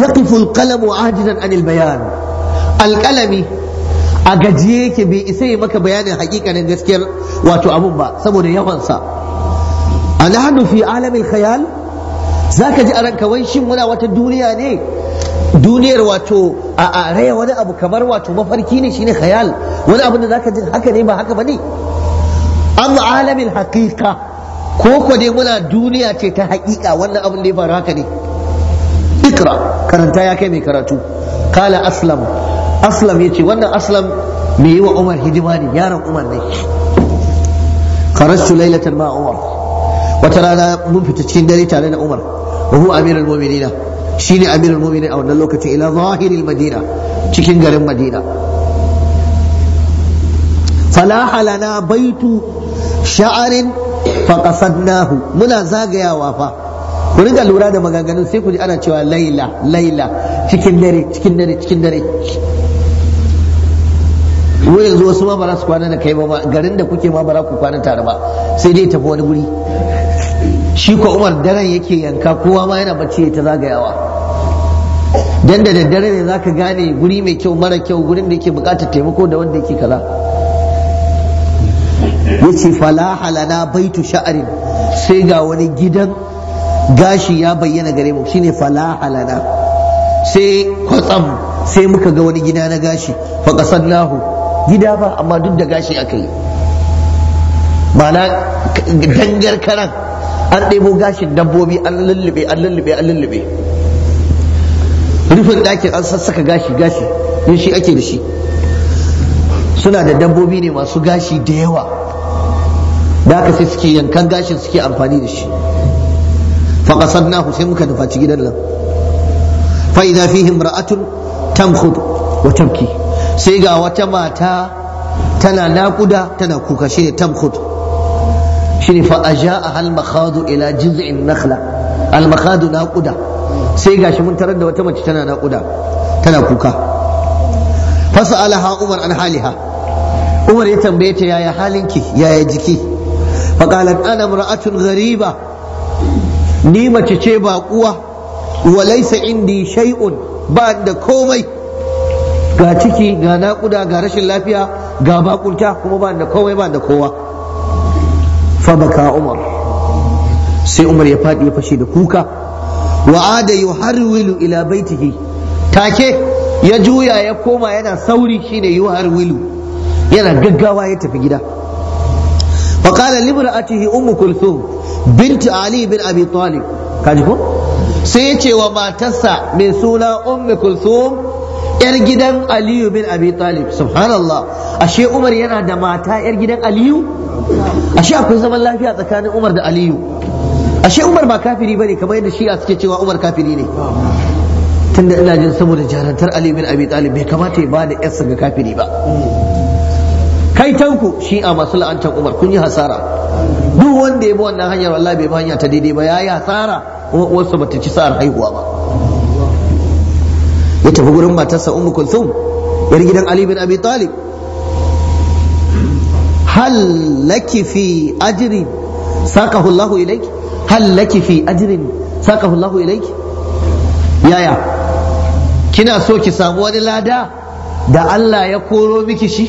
yaqifu alqalamu ajidan anil bayan alqalami a gajiye yake bai isa yi maka bayanin hakikanin gaskiyar wato abun ba saboda yawansa a nahanu fi alamin khayal zaka ji a ranka wai muna wata duniya ne duniyar wato a raya wani abu kamar wato mafarki ne shine wani abu da zaka ji haka ne ba haka bane am alamin haqiqa ko ko muna duniya ce ta haƙiƙa wannan abin da ya faru haka ne ikra karanta ya kai mai karatu kala aslam aslam ya ce wannan aslam mai yi wa umar hidima ne yaron umar ne kharajtu lailatan ma umar wata rana mun fita cikin dare tare da umar wa huwa amirul mu'minina shine amirul Muminina a wannan lokacin ila zahiril madina cikin garin madina falaha lana baitu sha'arin fa qasadnahu muna zagayawa fa ku riga lura da maganganun sai ku ji ana cewa laila laila cikin dare cikin dare cikin dare mu yanzu wasu ma ba za su kwana da kai ba garin da kuke ma ba za ku kwana tare ba sai dai tafi wani guri shi ko umar daren yake yanka kowa ma yana bacci ta zagayawa dan da daddare ne zaka gane guri mai kyau mara kyau gurin da yake bukatar taimako da wanda yake kaza yace fala halana baitu sha'arin sai ga wani gidan gashi ya bayyana gare mu shine fala alana sai kwatsam sai muka ga wani gida na gashi fa gida ba amma duk da gashi aka yi mana dangar karan an ɗebo gashin dabbobi an lullube an lullube an lullube rufin ɗakin an sassaka gashi gashi yin shi ake da shi suna da dabbobi ne masu gashi da yawa da aka sai suke yankan gashin suke amfani da shi faqasadnahu sai muka nufaci gidan nan fa idza fihi imra'atun tamkhud wa tabki sai ga wata mata tana naƙuda tana kuka shine tamkhud shine fa ajaa al makhadu ila jiz'in nakhla al makhadu naquda sai gashi mun tarar da wata mace tana naƙuda tana kuka fasalaha umar an haliha umar ya tambaye ta yaya halinki yaya jiki faqalat ana imra'atun ghariba ni mace ce ba kuwa walaisa indi shay'un ba da komai ga ciki ga naƙuda ga rashin lafiya ga bakunta kuma ba da komai ba da kowa fa baka umar sai umar ya faɗi ya fashe da kuka wa'ada yuharwilu ila baitihi take ya juya ya koma yana sauri shine yuharwilu yana gaggawa ya tafi gida فقال limra'atihi ummu kulthum bintu ali bin abi طالب kaji ko sai ya matarsa mai suna ummi kulthum yar gidan aliyu bin abi talib subhanallah ashe umar yana da mata yar gidan aliyu ashe akwai zaman lafiya tsakanin umar da aliyu ashe umar ba kafiri bane kamar yadda shi'a suke cewa umar kafiri ne tunda ina jin saboda jarantar aliyu bin abi talib bai kamata ya ba da yarsa ga kafiri ba kai tanku shi'a masu la'antar umar kun yi hasara duk wanda ya bi wannan hanyar wallahi bai bi hanya ta daidai ba yayi hasara kuma uwarsa bata ci sa'ar haihuwa ba ya tafi gurin matarsa ummu kulthum yar gidan ali bin abi talib hal laki fi ajrin sakahu allah ilayki hal laki fi ajrin sakahu allah ilayki yaya kina so ki samu wani lada da Allah ya koro miki shi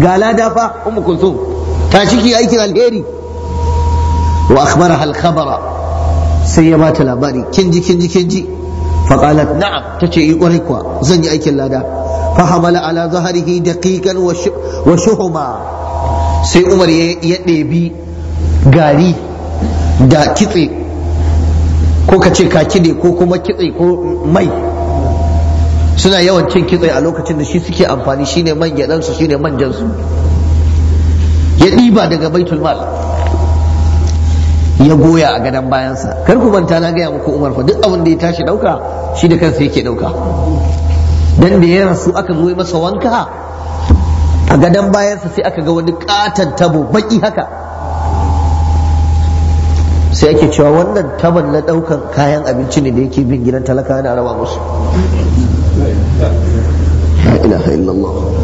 ga lada fa ummu kulthum ta ciki aikin alheri wa akhbara hal khabara sai ya bata labari kin ji kin ji kin ji fa qalat na'am tace yi eh, kwarai kuwa zan yi aikin lada fa hamala ala zahrihi daqiqan wa shuhuma sai Umar ya ɗebi gari da kitse ko ka ce kaki ne ko kuma kitse ko mai suna yawan cin kitse a lokacin da shi suke amfani shine man su shine manjansu ya ɗiba daga baitul mal ya goya a gadon bayansa kar ku manta na gaya muku umar fa duk abin da ya tashi ɗauka shi da kansa yake ɗauka dan da ya rasu aka zo masa wanka a gadon bayansa sai aka ga wani katon tabo baki haka sai ake cewa wannan taban na ɗaukan kayan abinci ne da yake bin gidan talaka na rawa musu la ilaha illallah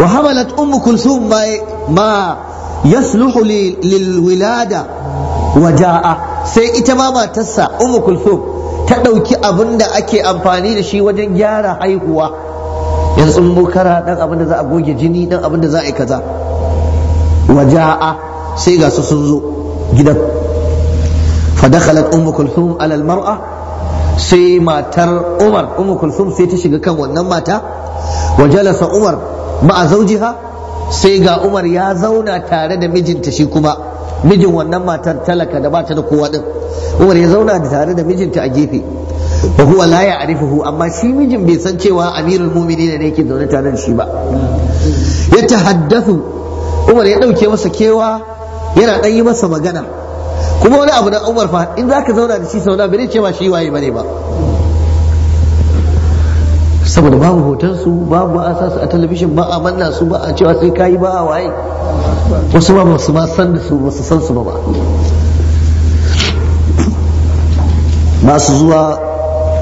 وحملت أم كلثوم ما ما يصلح للولادة وجاء sai ita ma matarsa Ummu Kulthum ta ɗauki abinda ake amfani da shi wajen gyara haihuwa yanzu mokara dan abin da za a goge jini dan abinda za a yi kaza waja'a sai ga su sun zo gidan Fa fadakhalat ummu kulthum ala almar'a sai matar Umar Ummu Kulthum sai ta shiga kan wannan mata wajalasa Umar ma'a zaujiha sai ga Umar ya zauna tare da mijinta shi kuma mijin wannan matar talaka da bata da kowa din Umar ya zauna tare da mijinta a gefe wa huwa la ya'rifuhu amma shi mijin bai san cewa amirul mu'minin ne yake zaune tare da shi ba ya tahaddathu Umar ya dauke masa kewa yana dan yi masa magana kuma wani abu na Umar fa in zaka zauna da shi sauna bai ce ma shi waye bane ba saboda babu hoton su, babu a sasu a talabishin ba a manna su ba a cewa sai kayi ba a waye wasu ba su ma san da su basu san su ba ba su zuwa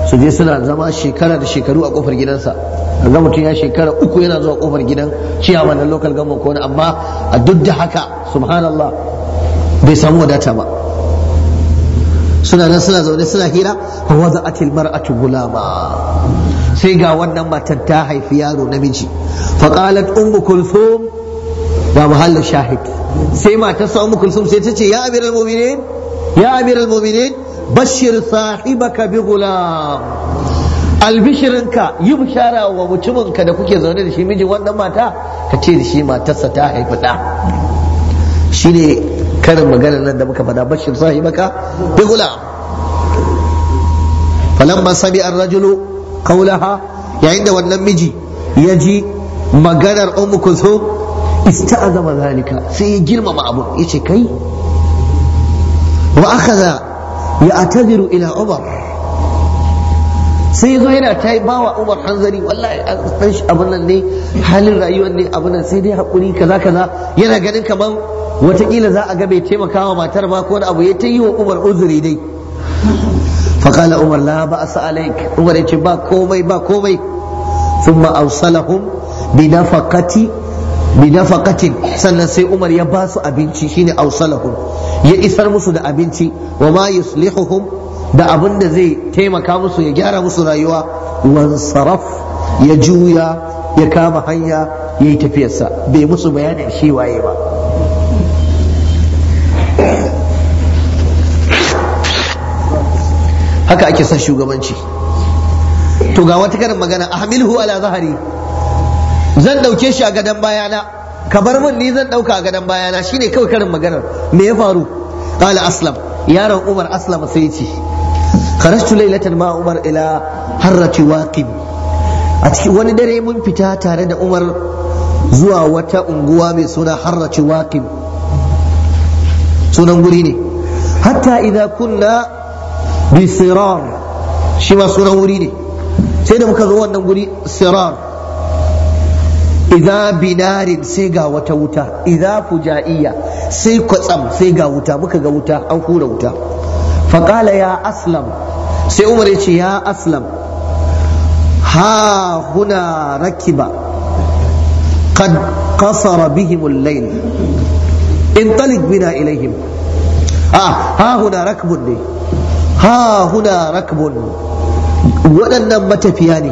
su je suna zama shekara da shekaru a kofar gidansa zama mutum ya shekara uku yana zuwa kofar gidan ciyawa na lokal government kone amma a duk da haka subhanallah bai samu wadata ba suna nan suna zaune suna hira wa a mar'atu gulama sai ga wannan matar ta haifi yaro namiji faqalat ummu kulthum ga muhallu shahid sai matar sa ummu kulthum sai ta ce ya amiral mu'minin ya amiral mu'minin bashir sahibaka bi gulam albishirinka yi bishara wa mutuminka da kuke zaune da shi mijin wannan mata ka ce da shi matarsa ta haifi ɗa shi ne karin magana nan da muka faɗa bashir sahibaka bi gulam falamma sami ar-rajulu Kaulaha yayin da wannan miji ya ji maganar ummu kulthum ista'azama zalika sai ya girmama abu yace kai wa akhadha ya'tadiru ila umar sai yazo yana ta ba wa umar hanzari wallahi an shi abin nan ne halin rayuwar ne abin nan sai dai hakuri kaza kaza yana ganin kamar watakila za a ga bai taimaka wa matar ba ko wani abu ya ta yi wa umar uzuri dai faƙala umar la ba a sa'alaik ya ce ba komai ba komai sun ma'ausalahun binafakatin sannan sai umar ya basu su abinci shine ausalahun ya isar musu da abinci wa ma yuslihuhum da abin da zai taimaka musu ya gyara musu rayuwa wansaraf ya juya ya kama hanya ya yi tafiyarsa bai musu bayanin shi waye ba haka ake son shugabanci to ga wata karin magana ahmilhu ala zahari zan dauke shi a gadon bayana ka bar min ni zan dauka a gadon bayana shine kawai karin maganar me ya faru qala aslam yaron umar aslam sai ce kharajtu laylatan ma umar ila harrati waqib a cikin wani dare mun fita tare da umar zuwa wata unguwa mai suna harrati waqib sunan guri ne hatta idza kunna bi sirar shi wuri ne sai da muka zo wannan guri sirar idza binarin sai ga wata wuta idza fujaiya sai kwatsam sai ga wuta muka ga wuta an kura wuta faqala ya aslam sai umar ya ce ya aslam ha huna rakiba qad qasara bihim al-layl intalik bina ilaihim ah ha huna rakbun ne ha huna rakbun waɗannan matafiya ne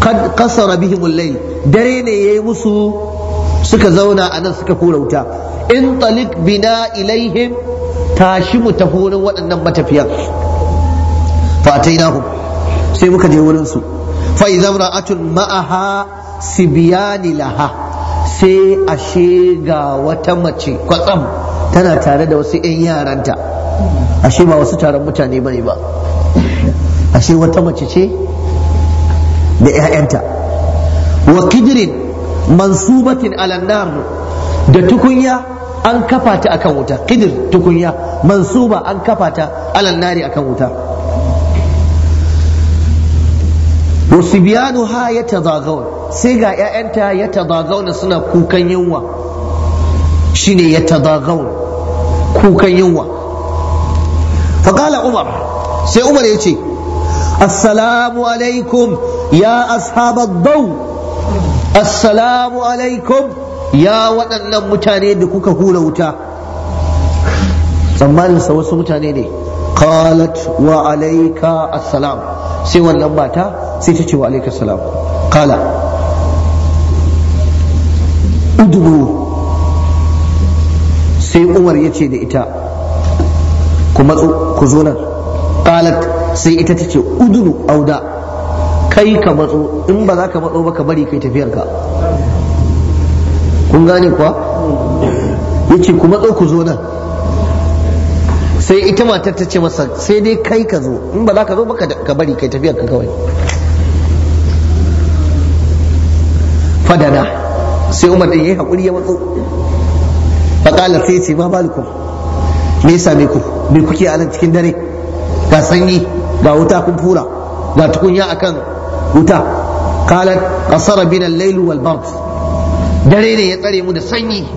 kad kasara bihimul layl dare ne yayi musu suka zauna a nan suka kura wuta in talik bina ilaihim tashi mu ta wurin waɗannan matafiyan fatainahum sai muka je wurin su fa idza ra'atun ma'aha sibiyani laha sai ashe ga wata mace kwatsam tana tare da wasu 'yan yaranta ashe ba wasu taron mutane bane ba ashe wata mace ce da 'ya'yanta wa kidirin mansubatin alannar da tukunya an kafa ta akan wuta kidir tukunya mansuba an kafa ta alannari akan wuta wasu biyanu ha ya tazagawar sai ga 'ya'yanta ya tazagawar suna kukan yunwa shine ya tazagawar kukan yunwa faƙala umar sai umar ya ce assalamu alaikum ya ashabar dau assalamu alaikum ya waɗannan mutane da kuka hula wuta tsammaninsa wasu mutane ne qalat wa alaika assalam sai wannan mata sai ta ce wa alaika assalam qala udnu sai umar ya ce da ita ku matso ku zo nan qalat sai ita ta ce udunu auda kai ka matso in ba za ka matso ba ka bari kai tafiyarka kun gane kuwa ya ce ku matso ku zo nan sai ita matar ta ce masa sai dai kai ka zo in ba za ka zo ba ka bari kai tafiyar ka kawai fadana sai umar din yayi hakuri ya matso faƙala sai ce ma baliku me ya same ku me kuke a nan cikin dare ga sanyi ga wuta kun fura ga tukunya akan wuta qalat qasara bin al-layl wal bard dare ne ya tsare mu da sanyi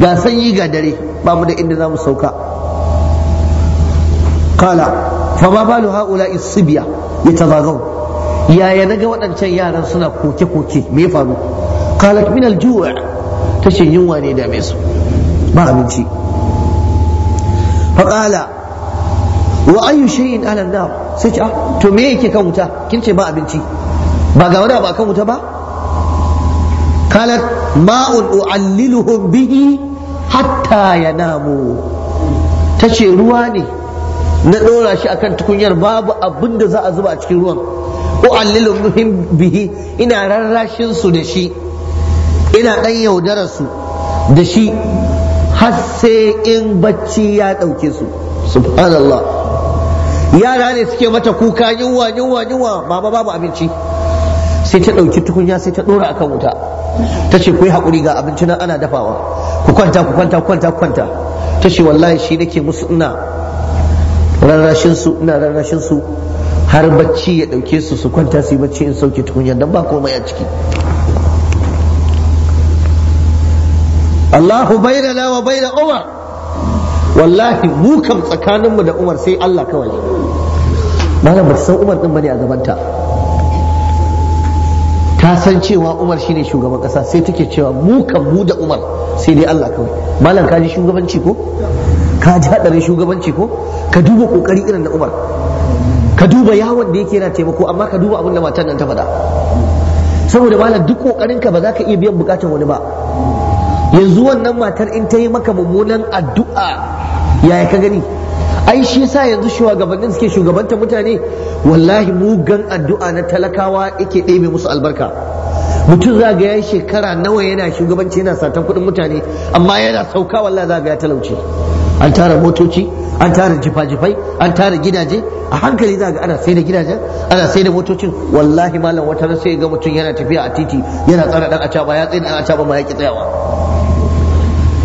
ga sanyi ga dare ba mu da inda za mu sauka kala fa ma balu haula isbiya yatazagaw yaya naga waɗancan yaran suna koke-koke me ya faru kalar min al-ju' tashin yunwa ne mai su ba abinci faƙala wa ayu shay'in ala nar sai ce ah, to me yake kan wuta kin ce ba abinci ba ga wani ba kan wuta ba qalat ma'un u'alliluhum bihi hatta yanamu tace ruwa ne na ɗora shi akan tukunyar babu abin da za a zuba a cikin ruwan u'alliluhum bihi ina rarrashin su da shi ina ɗan yaudarar su da shi har sai in bacci ya ɗauke su subhanallah yara ne suke mata kuka yunwa yunwa yunwa baba babu abinci sai ta ɗauki tukunya sai ta ɗora akan wuta ta ce ku haƙuri ga abinci nan ana dafawa ku kwanta ku kwanta ku kwanta ku kwanta ta ce wallahi shi nake musu ina rarrashin su ina rarrashin su har bacci ya ɗauke su su kwanta su yi bacci in sauke tukunya dan ba komai a ciki Allahu bainana wa baina Umar wallahi mu kam tsakaninmu da Umar sai Allah kawai malam ba san Umar din bane a gaban ta Ta san cewa Umar shine shugaban kasa sai take cewa mu kam mu da Umar sai dai Allah kawai malam ka ji shugabanci ko ka ji hadarin shugabanci ko ka duba kokari irin da Umar ka duba yawon da yake yana taimako amma ka duba abin da matan nan ta faɗa saboda malam duk kokarin ka ba za ka iya biyan bukatar wani ba yanzu wannan matar in ta yi maka mummunan addu'a yaya ka gani ai shi yasa yanzu shugabannin suke shugabanta mutane wallahi mugan addu'a na talakawa yake ɗebe musu albarka mutum za ga ya shekara nawa yana shugabanci yana satan kuɗin mutane amma yana sauka wallahi za ga ya talauci an tara motoci an tara jifa-jifai an tara gidaje a hankali za ga ana sai da gidajen ana sai da motocin wallahi malam wata sai ga mutum yana tafiya a titi yana tsara dan acaba ya tsaye dan acaba ma ya ki tsayawa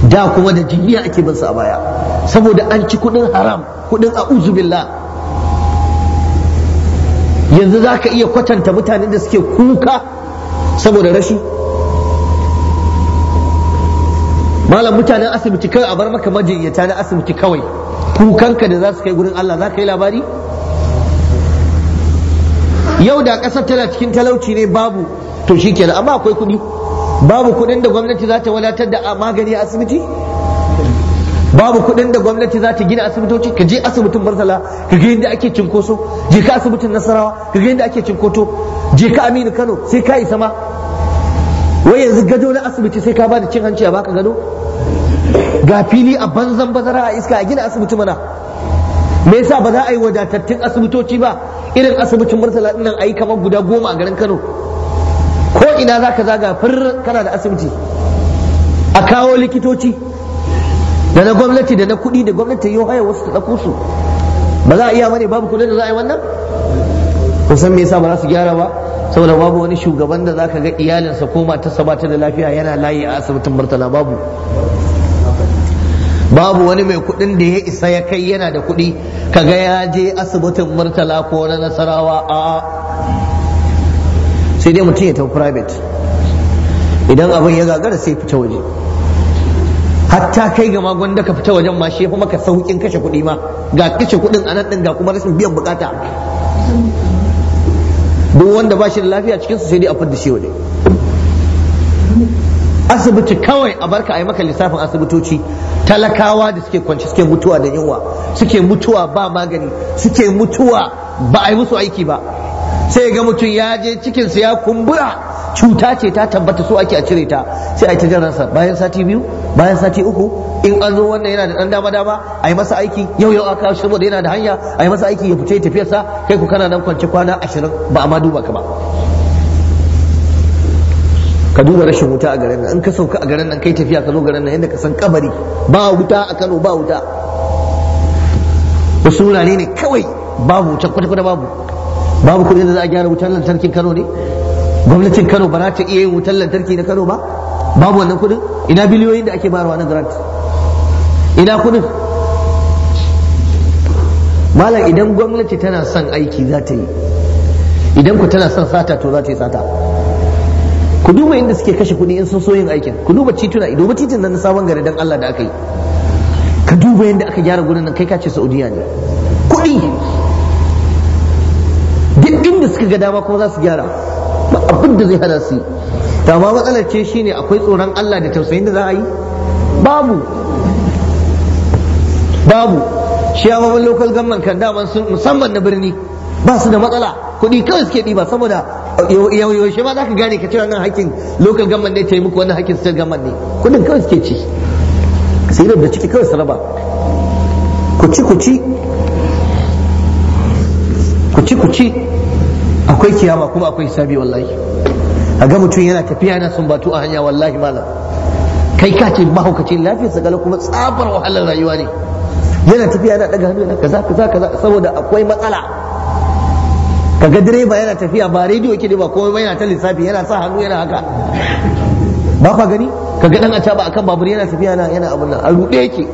da kuma da jiniya ake bansa a baya saboda an ci kudin haram kudin a billah yanzu za ka iya kwatanta mutane da suke kuka saboda rashi malam mutanen asibiti kawai a bar maka majiyyata na asibiti kawai kukanka da za su kai gurin Allah za ka yi labari yau da ƙasar tana cikin talauci ne babu to shi kenan amma akwai kuɗi babu kuɗin da gwamnati za ta wadatar da magani a asibiti babu kuɗin da gwamnati za ta gina asibitoci ka je asibitin Marsala ka ga yadda ake cinkoso je ka asibitin Nasarawa ka ga yadda ake cinkoto je ka Aminu Kano sai ka isa ma wai yanzu gado na asibiti sai ka bada cin hanci a baka gado ga fili a banzan bazara a iska a gina asibiti mana me yasa ba za a yi wadatattun asibitoci ba irin asibitin Marsala dinnan ayi kamar guda goma a garin Kano ina za ka zaga fir kana da asibiti a kawo likitoci da na gwamnati da na kuɗi da gwamnati yau haya wasu ta ɗauko su ba za a iya bane babu kuɗin da za a yi wannan kusan me yasa ba za su gyara ba saboda babu wani shugaban da zaka ga iyalinsa ko matarsa ba da lafiya yana layi a asibitin murtala babu babu wani mai kuɗin da ya isa ya kai yana da kuɗi ga ya je asibitin murtala ko na nasarawa a sai dai mutum ya tafi private idan abin ya gagara sai fita waje hatta kai ga magon da ka fita wajen ma shi maka saukin kashe kuɗi ma ga kashe kuɗin nan ɗin ga kuma rashin biyan bukata duk wanda ba shi da lafiya cikinsu sai dai a fadda shi waje asibiti kawai a barka a yi maka lissafin asibitoci talakawa da suke kwanci suke mutuwa da yunwa suke mutuwa ba magani suke mutuwa ba a yi musu aiki ba sai ga mutum ya je cikinsa ya kumbura cuta ce ta tabbata so ake a cire ta sai a yi ta bayan sati biyu bayan sati uku in an zo wannan yana da dan dama dama a yi masa aiki yau yau aka shi da yana da hanya a yi masa aiki ya fice tafiyarsa kai ku kana nan kwance kwana ashirin ba a ma duba ka ba ka duba rashin wuta a garin nan in ka sauka a garin nan kai tafiya ka zo garin nan yadda ka san kabari ba wuta a Kano ba wuta wasu wurare ne kawai babu wuta kwata-kwata babu babu kuɗin da za a gyara wutar lantarkin Kano ne gwamnatin Kano ba za ta iya yin wutar lantarki na Kano ba babu wannan kuɗin ina biliyoyin da ake bayarwa na grant ina kuɗin malam idan gwamnati tana son aiki za ta yi idan ku tana son sata to za ta yi sata ku duba inda suke kashe kuɗi in sun so yin aikin ku duba tituna ba titin nan na sabon gari dan Allah da aka yi ka duba yadda aka gyara gurin nan kai ka ce Saudiya ne kuɗi duk inda suka ga dama kuma za su gyara ba abin da zai hana su ta ma matsalar ce shine akwai tsoron Allah da tausayin da za a yi babu babu shi ya mamman local government kan daman sun musamman na birni ba su da matsala kuɗi kawai suke ɗiba saboda yaushe ma za ka gane ka ce wannan hakkin local government ne ta yi muku wannan hakkin state government ne kuɗin kawai suke ci sai da ciki kawai su raba ku ci ku ci kuci kuci ku ci akwai kiyama kuma akwai hisabi wallahi a ga mutum yana tafiya yana batu a hanya wallahi malam kai ka ce mahaukacin lafiyarsa gala kuma tsabar wahalar rayuwa ne yana tafiya yana daga hannu yana kaza kaza kaza saboda akwai matsala kaga direba yana tafiya ba rediyo yake ba komai ba yana ta lissafi yana sa hannu yana haka ba ka gani kaga dan a ba akan babur yana tafiya yana yana abun nan a rude yake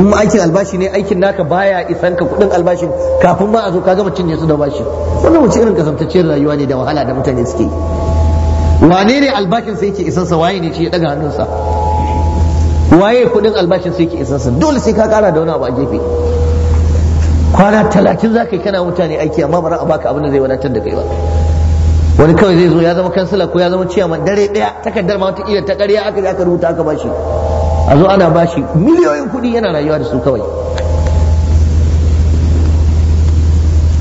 in aikin albashi ne aikin naka baya isan ka kudin albashi kafin ba a zo ka gama cinye su da bashi wannan wuce irin kasantacciyar rayuwa ne da wahala da mutane suke yi wane ne albashin sai yake isansa waye ne shi ya daga hannunsa waye kudin albashin sai yake isansa dole sai ka kara da wani abu a gefe kwana talatin za ka yi kana mutane aiki amma ba za a baka abin da zai wadatar da kai ba wani kawai zai zo ya zama kansila ko ya zama ciyaman dare daya takardar ma wata iya ta ƙarya aka aka rubuta aka bashi a zo ana shi miliyoyin kuɗi yana rayuwa da su kawai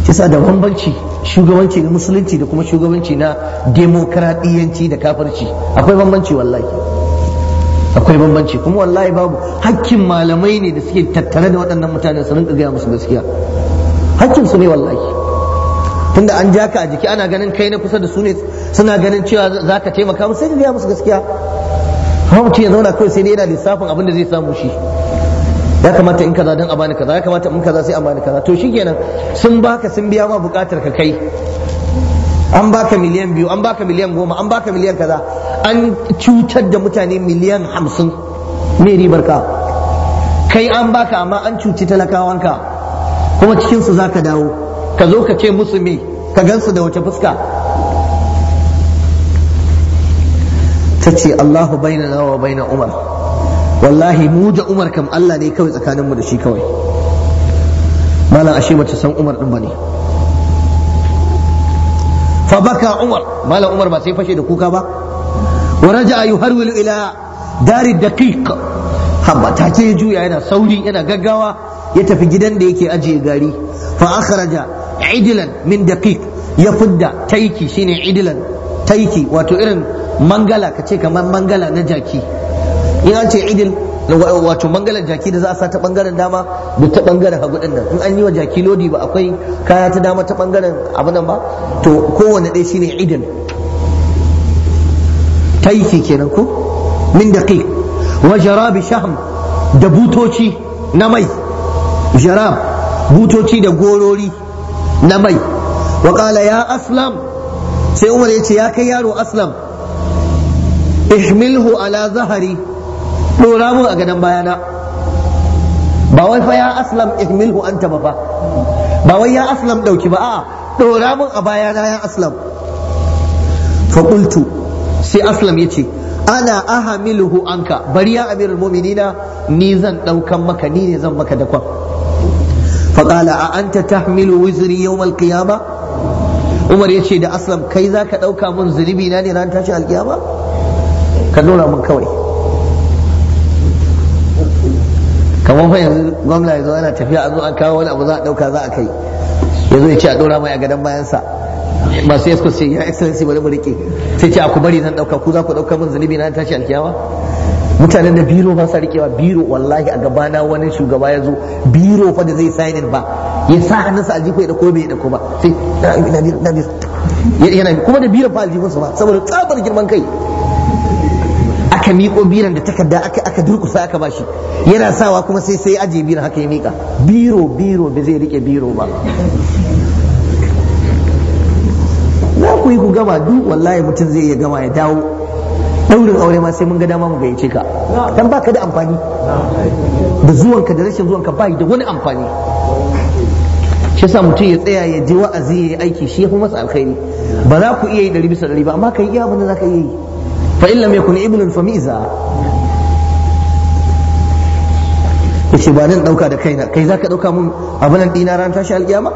isa da bambanci shugabanci na musulunci da kuma shugabanci na demokradiyyanci da kafirci akwai bambanci wallahi akwai bambanci kuma wallahi babu hakkin malamai ne da suke tattare da waɗannan mutane su rinka gaya musu gaskiya hakkin su ne wallahi tunda an ja ka a jiki ana ganin kai na kusa da su ne suna ganin cewa za ka taimaka musu sai ka gaya musu gaskiya amma ya zauna kawai sai dai yana lissafin abin da zai samu shi ya kamata in kaza don a bani kaza ya kamata in kaza sai a bani kaza to shikenan sun baka sun biya ma bukatar ka kai an baka miliyan biyu an baka miliyan goma an baka miliyan kaza an cutar da mutane miliyan hamsin me ribar ka kai an baka amma an cuci talakawanka kuma cikinsu za ka dawo ka zo ka ce musu me ka gansu da wace fuska ta ce Allahu bainana wa baina Umar wallahi mu da Umar kam Allah ne kawai tsakaninmu da shi kawai malam ashe bata san Umar din bane fa baka Umar malam Umar ba sai fashe da kuka ba wa raja'a yuharwilu ila dari daqiq haba take ya juya yana sauri yana gaggawa ya tafi gidan da yake ajiye gari fa akhraja idlan min daqiq ya fidda taiki shine idlan taiki wato irin mangala ka ce kamar mangala na jaki in ce idil wato mangalar jaki da za a sa ta bangaren dama da ta bangaren hagu din nan in an yi wa jaki lodi ba akwai kaya ta dama ta bangaren abu nan ba to kowanne ɗaya shine idil taiki kenan ko min daqiq wa jarabi shaham da butoci na mai jarab butoci da gorori na mai wa qala ya aslam sai umar ya ce ya kai yaro aslam ihmilhu ala zahari dora mun a gadon bayana ba wai fa ya aslam ihmilhu anta ba fa ba wai ya aslam dauki ba a'a dora mun a bayana ya aslam fa qultu sai aslam ya ce ana ahamiluhu anka bari ya amirul mu'minina ni zan daukan maka ni ne zan maka dakon fa qala a anta tahmilu wizri yawm al-qiyamah umar ya ce da aslam kai za ka ɗauka mun zunubi na ne ran tashin alkiyama ka nuna mun kawai kamar fa yanzu gwamna ya zo ana tafiya a zo an kawo wani abu za a ɗauka za a kai ya zo ya ce a ɗora mai a gadon bayansa masu yasko ce ya excellency bari mu rike sai ce a ku bari zan ɗauka ku za ku ɗauka mun zunubi na tashi alkiyama mutanen da biro ba sa rikewa biro wallahi a gabana wani shugaba ya zo biro fa da zai sainin ba ya sa hannunsa aljihu ya dauko bai dauko ba sai yana kuma da biran fa aljihunsa ba saboda tsabar girman kai aka miko biran da takarda aka aka durkusa aka bashi yana sawa kuma sai sai aje biran haka ya mika. biro biro ba zai rike biro ba za ku yi ku gama duk wallahi mutum zai iya gama ya dawo daurin aure ma sai mun ga dama mu gayyace ka dan baka da amfani da zuwanka da rashin zuwanka bai da wani amfani shi yasa mutum ya tsaya ya ji wa'azi ya yi aiki shi ya fi masa alkhairi ba za ku iya yi ɗari bisa ɗari ba amma ka yi iya abin da za ka iya yi fa in lam yakun ibnun fa miza yace ba nan dauka da kaina kai za ka dauka mun abin dina ran tashi alkiyama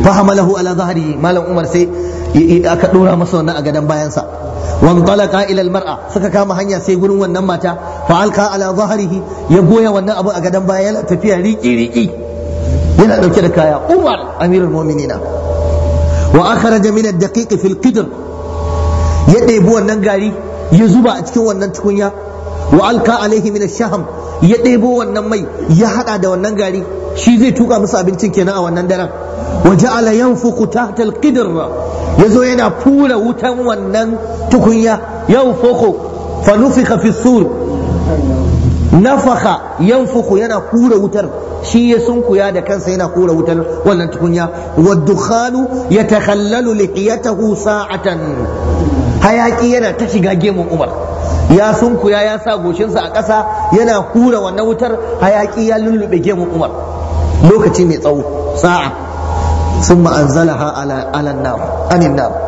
fa hamalahu ala zahri malam umar sai aka dora masa wannan a gadan bayansa wan talaqa ila almar'a suka kama hanya sai gurin wannan mata fa alqa ala zahrihi ya goya wannan abu a gadan baya yana tafiya riki riki yana dauke da kaya umar amirul mu'minina wa akhraja min ad-daqiq qidr ya ɗebi wannan gari ya zuba a cikin wannan tukunya wa alka alaihi min ash-shaham ya ɗebo wannan mai ya hada da wannan gari shi zai tuka musu abincin kenan a wannan daren wa ja'ala yanfuku tahta al-qidr yazo yana fura wutan wannan tukunya yanfuku fa nufika fi sur nafaka yanfuku yana fura wutar shi ya sunkuya da kansa yana kura wutar wannan tukunya wa dukhalu yatakhallalu lihiyatahu sa'atan hayaki yana ta shiga gemun Umar ya sunkuya ya sa goshinsa a ƙasa yana kura wannan wutar hayaki ya lullube gemun Umar lokaci mai tsawo sa'a ثم أنزلها على على النار عن النار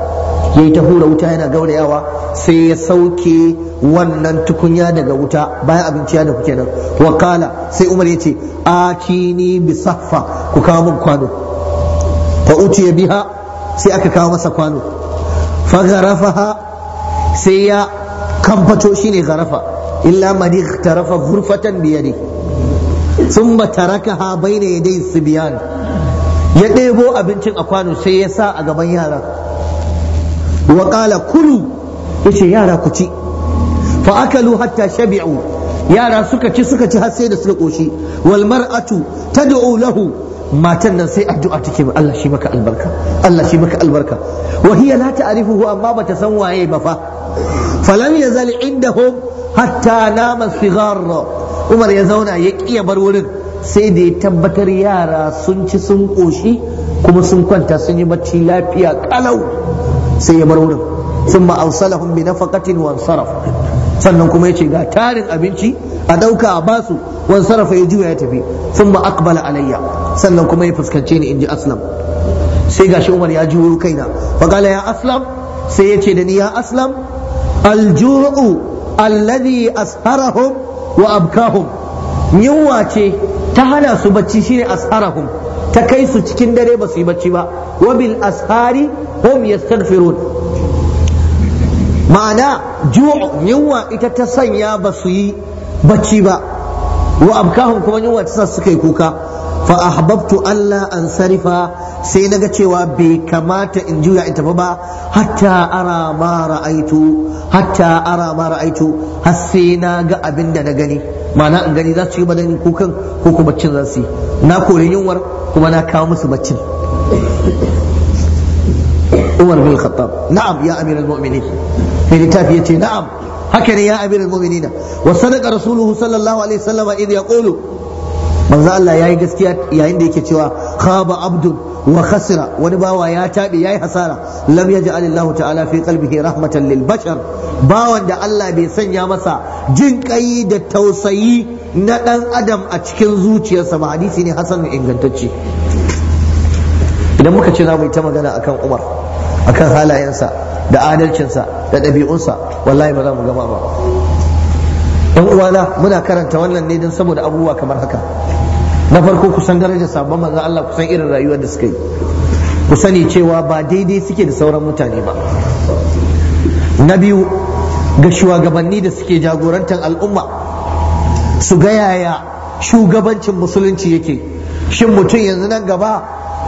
ya yi ta hura wuta yana gaurayawa sai ya sauke wannan tukunya daga wuta bayan abinci ya dafu kenan wakala sai umar ya ce a bi saffa ku kawo min kwano fa ya biha sai aka kawo masa kwano fa garafaha sai ya kamfato shine garafa illa madi tarafa gurfatan biyadi thumma tarakaha bayna yaday sibyan ya ɗebo abincin a kwano sai ya sa a gaban yaran wa qala kulu ce yara ku ci fa akalu hatta shabi'u yara suka ci suka ci har sai da suka koshi wal mar'atu tad'u lahu matan nan sai addu'a take ba Allah shi maka albarka Allah shi maka albarka wa hiya la ta'rifuhu amma bata san waye ba fa falam yazal indahum hatta nama sigar Umar ya zauna ya kiya bar wurin sai da ya tabbatar yara sun ci sun ƙoshi kuma sun kwanta sun yi bacci lafiya kalau sai ya bar wurin thumma awsalahum bi nafaqatin wa saraf sannan kuma yace ga tarin abinci a dauka a basu wan ya juya ya tafi thumma akbala alayya sannan kuma ya fuskance ni in ji aslam sai gashi umar ya juyo kaina fa ya aslam sai yace da ni ya aslam alju'u alladhi asharahum wa abkahum yunwa ce ta hana su bacci shine asharahum ta kai su cikin dare ba su yi bacci ba wa bil ashari hum yastaghfirun ma'ana ju'u yunwa ita ta sanya ba su yi bacci ba wa abkahum kuma yunwa ta sa suka yi kuka fa ahbabtu alla an sarifa sai naga cewa bai kamata in juya in tafi ba hatta ara ma ra'aitu hatta ara ma ra'aitu har sai na ga abin da na gani ma'ana in gani za su yi madanin kukan ko kuma baccin za su yi na kore yunwar kuma na kawo musu baccin umar bin khattab na'am ya al mu'minin fi litafi yace ce na'am haka ne ya amiral mu'minin wa sadaqa rasuluhu sallallahu alaihi wasallam idh yaqulu manzo Allah yayi gaskiya yayin da yake cewa khaba abdun wa khasira wani bawa ya ya yi hasara Lamya yaj'al Allah ta'ala fi qalbihi rahmatan lil bawan da Allah bai sanya masa jin kai da tausayi na ɗan adam a cikin zuciyarsa ba hadisi ne Hassan hasan ingantacce idan muka ce za mu yi ta magana akan Umar akan halayensa da adalcinsa da ɗabi'unsa wallahi ba za mu gama ba ɗan uwana muna karanta wannan ne don saboda abubuwa kamar haka na farko kusan daraja sabon maza Allah kusan irin rayuwa da suka yi ku sani cewa ba daidai suke da sauran mutane ba na biyu ga shugabanni da suke jagorantar al'umma su ga yaya shugabancin musulunci yake shin mutum yanzu nan gaba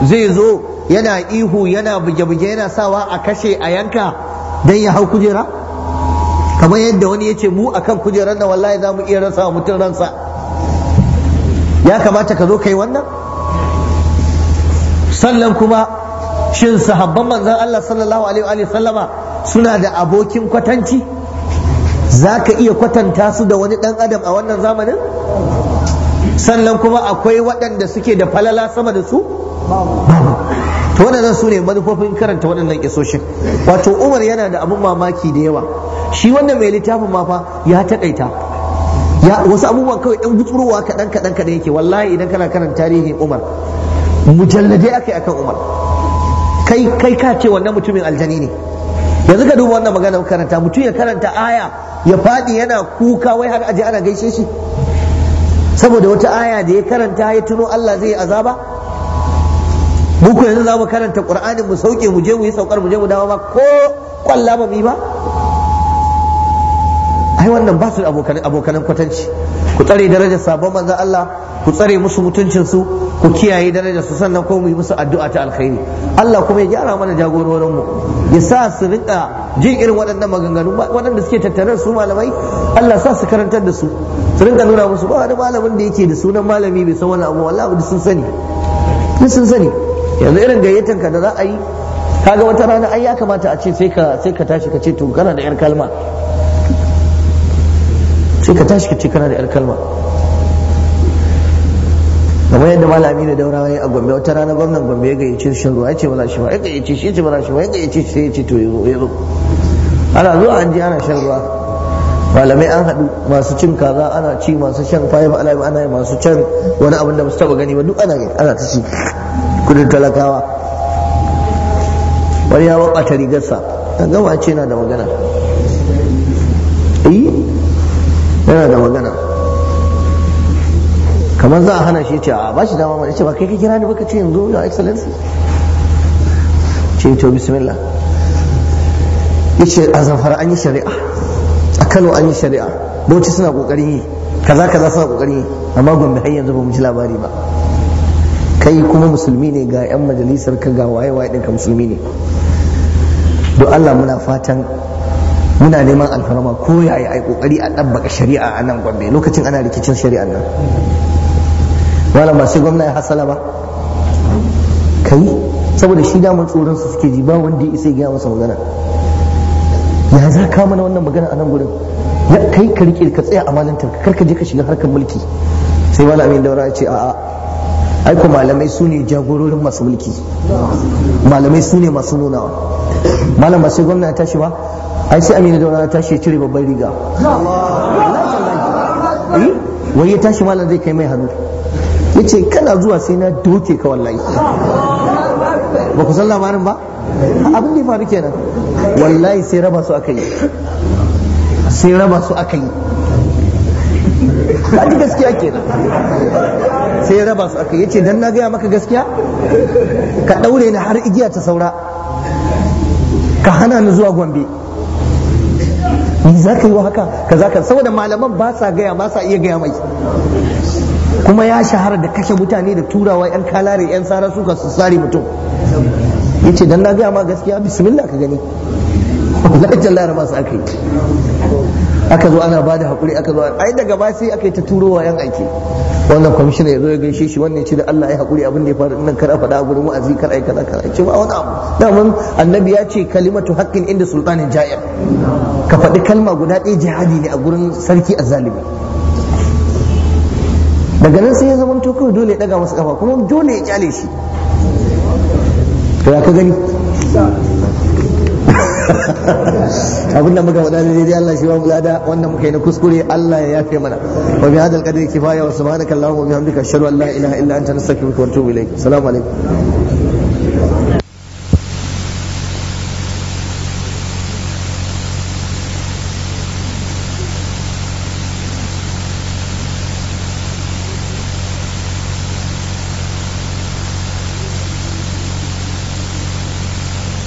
zai zo yana ihu yana buge-buge yana sawa a kashe a yanka don ya hau kujera kamar yadda wani ya ce mu akan kujerar da wallahi za mu iya rasa mutum ransa ya kamata ka zo kai wannan sannan kuma shin sahabban manzon Allah sallallahu alaihi wa sallama suna da abokin kwatanci za ka iya kwatanta su da wani ɗan adam a wannan zamanin sannan kuma akwai waɗanda suke da falala sama da su to waɗannan su ne manufofin karanta waɗannan isoshin. wato umar yana da abin mamaki da yawa shi wannan mai littafin ma fa ya taƙaita ya wasu abubuwan kawai ɗan gutsurowa kaɗan kaɗan kaɗan yake wallahi idan kana karanta tarihin umar mujalladai aka yi akan umar kai kai ka ce wannan mutumin aljani ne yanzu ka duba wannan magana karanta mutum ya karanta aya ya faɗi yana kuka wai har aji ana gaishe shi saboda wata aya da ya karanta ya tuno Allah zai azaba muku yanzu za mu karanta Qur'anin mu sauke mu je mu yi saukar mu je mu dawo ba ko kwalla ba mu yi ba ai wannan ba su da abokanan kwatanci ku tsare darajar sabon manzan Allah ku tsare musu mutuncin su ku kiyaye darajar su sannan ko mu yi musu addu'a ta alkhairi Allah kuma ya gyara mana jagororin mu ya sa su rinka jin irin waɗannan maganganu waɗanda suke tattare su malamai Allah sa su karantar da su su rinka nuna musu ba wani malamin da yake da sunan malami bai san wani abu wallahi sun sani sun sani yanzu irin gayyatan ka da za a yi kaga wata rana ai ya kamata a ce sai ka sai ka tashi ka ce to kana da yar kalma sai ka tashi ka ce kana da yar kalma kamar yadda malami da daura ya a gombe wata rana gwamnan gombe ya gayyace shi ruwa ya ce ba shi ba ya gayyace shi ya ce ba shi ba ya gayyace shi sai ya ce to ya zo ana zuwa an je ana shan ruwa malamai an haɗu masu cin kaza ana ci masu shan five alive ana yi masu can wani abin da ba su taɓa gani ba duk ana yi ana ta ci kudin talakawa wani ya ta rigarsa a gama ce na da magana eh? yana da magana kamar za a hana shi ce a ba shi dama mana ce ba kai ka kira ni baka ce yanzu ya excellency ce to bismillah yace a zamfara an yi shari'a a Kano an yi shari'a Bauchi suna kokarin yi kaza kaza suna kokarin yi amma Gombe har yanzu ba mu ji labari ba kai kuma musulmi ne ga yan majalisar ka ga waye waye ɗinka musulmi ne don Allah muna fatan muna neman alfarma ko yaya ai kokari a ɗabbaka shari'a a nan gombe lokacin ana rikicin shari'a nan wala ba sai gwamna ya hasala ba kai saboda shi damar tsoron su suke ji ba wanda ya isa ya gaya masa magana ya za ka mana wannan magana a nan gurin ya kai ka rike ka tsaya amalantar ka karka je ka shiga harkar mulki sai wala amin daura ya ce a'a ai malamai su ne jagororin masu mulki malamai su ne masu nunawa malam ba sai gwamna ya tashi ba ai sai amina da wani tashi cire babban riga eh? wai ya tashi malam zai kai mai hannu ya ce kana zuwa sai na doke ka wallahi ba ku san labarin ba abin da ya faru kenan wallahi sai raba su aka yi sai raba su aka yi ba ji gaskiya kenan sai ya raba su aka yi ya ce dan na gaya maka gaskiya ka daure ni har igiya ta saura ka hana ni zuwa gombe ni za ka yi wa haka Ka za ka saboda malaman ba sa gaya ba sa iya gaya mai kuma ya shahara da kashe mutane da turawa yan kalare yan sara suka su sare mutum yace dan na gaya ma gaskiya bismillah ka gani wallahi jallara ma su aka yi aka zo ana bada hakuri aka zo ai daga ba sai aka yi ta turowa yan aiki wannan kwamishina ya zo ya gaishe shi wannan ce da Allah ya haƙuri abin da ya faru nan kar a faɗa a gurin wa'azi kar a yi kaza kaza ce ba wani abu daman annabi ya ce kalimatu haqqin inda sultanin ja'ir ka faɗi kalma guda ɗaya jihadi ne a gurin sarki azzalimi daga nan sai ya zama to kawai dole ya ɗaga masa kafa kuma dole ya kyale shi to ya gani abin da muka faɗa da daidai Allah shi ba mu lada wannan muke yi na kuskure Allah ya yafe mana wa bi hadal qadri kifaya wa subhanaka allahumma wa bihamdika ashhadu an la ilaha illa anta nastaghfiruka wa atubu ilayk assalamu alaikum